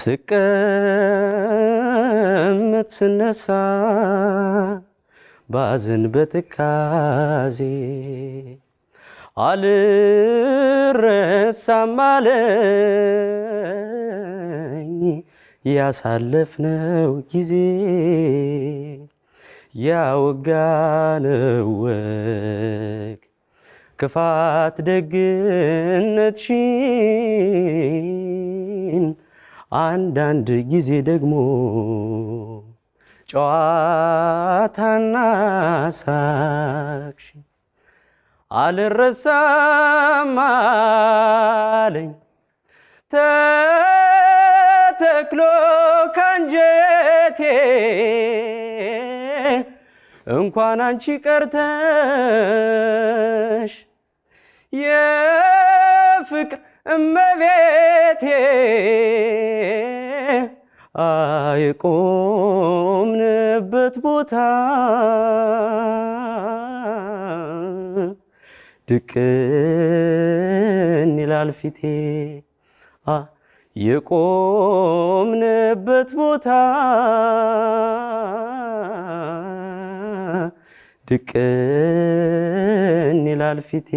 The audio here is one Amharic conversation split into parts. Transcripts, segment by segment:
ስቀመጥ ስነሳ ባዝን በትካዜ አልረሳም አለኝ ያሳለፍነው ጊዜ ያወጋነው ወግ ክፋት ደግነት አንዳንድ ጊዜ ደግሞ ጨዋታና ሳቅሽ አልረሳም አለኝ ተተክሎ ካንጀቴ እንኳን አንቺ ቀርተሽ የፍቅር እመቤቴ አይቆምንበት ቦታ ድቅን ይላል ፊቴ የቆምንበት ቦታ ድቅን ይላል ፊቴ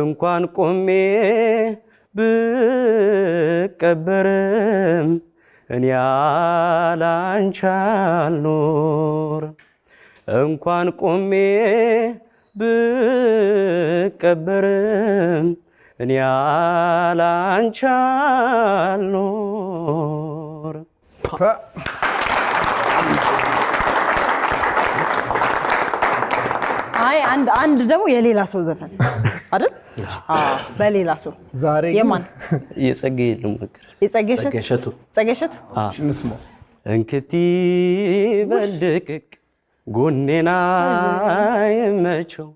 እንኳን ቆሜ ብቀበርም እኔ ያላንቺ እንኳን ቆሜ ብቀበርም እኔ ያላንቺ አይ አንድ አንድ ደግሞ የሌላ ሰው ዘፈን አይደል? አዎ። በሌላ ሰው ዛሬ የማን የጸጌ ልሞክር። የጸጌሸቱ ጸጌሸቱ ጸጌ እንስማስ። እንክቲ በልድቅቅ ጎኔና የመቸው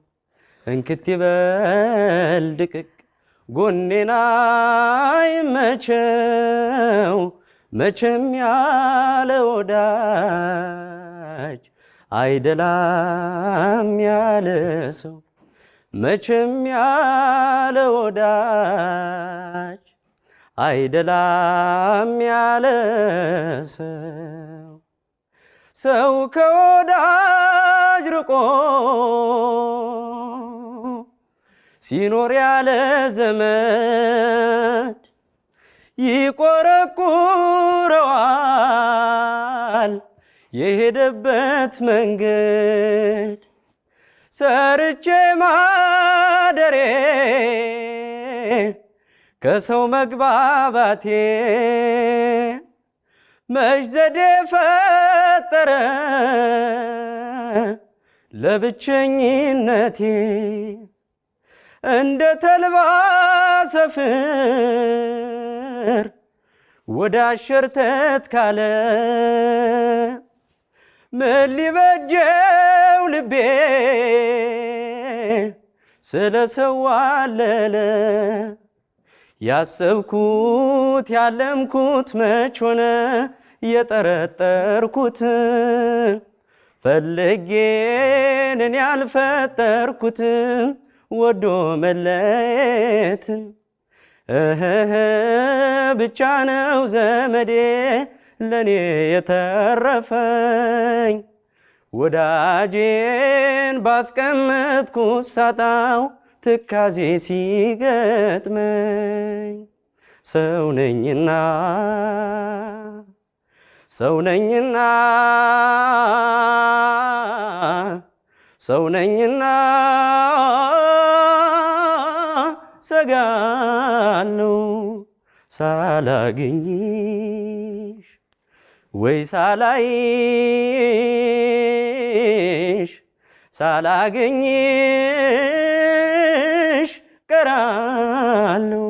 እንክቲ በልድቅቅ ጎኔና የመቸው መቼም ያለ ወዳጅ አይደላም ያለ ሰው መቼም ያለ ወዳጅ አይደላም ያለ ሰው ሰው ከወዳጅ ርቆ ሲኖር ያለ ዘመድ ይቆረቁረዋል የሄደበት መንገድ ሰርቼ ማደሬ ከሰው መግባባቴ መች ዘዴ ፈጠረ ለብቸኝነቴ እንደ ተልባ ሰፍር ወደ አሸርተት ካለ ምን ሊበጀው ልቤ ስለ ሰው አለለ ያሰብኩት ያለምኩት መች ሆነ የጠረጠርኩት ፈልጌን እኔ ያልፈጠርኩትም ወዶ መለየትን ብቻ ነው ዘመዴ ለእኔ የተረፈኝ ወዳጄን ባስቀመጥኩ ሳጣው ትካዜ ሲገጥመኝ ነኝና ሰው ነኝና ሰጋለው ሳላገኝሽ ወይ ሳላይሽ ሳላገኝሽ ሳላገኝሽ ቀራለሁ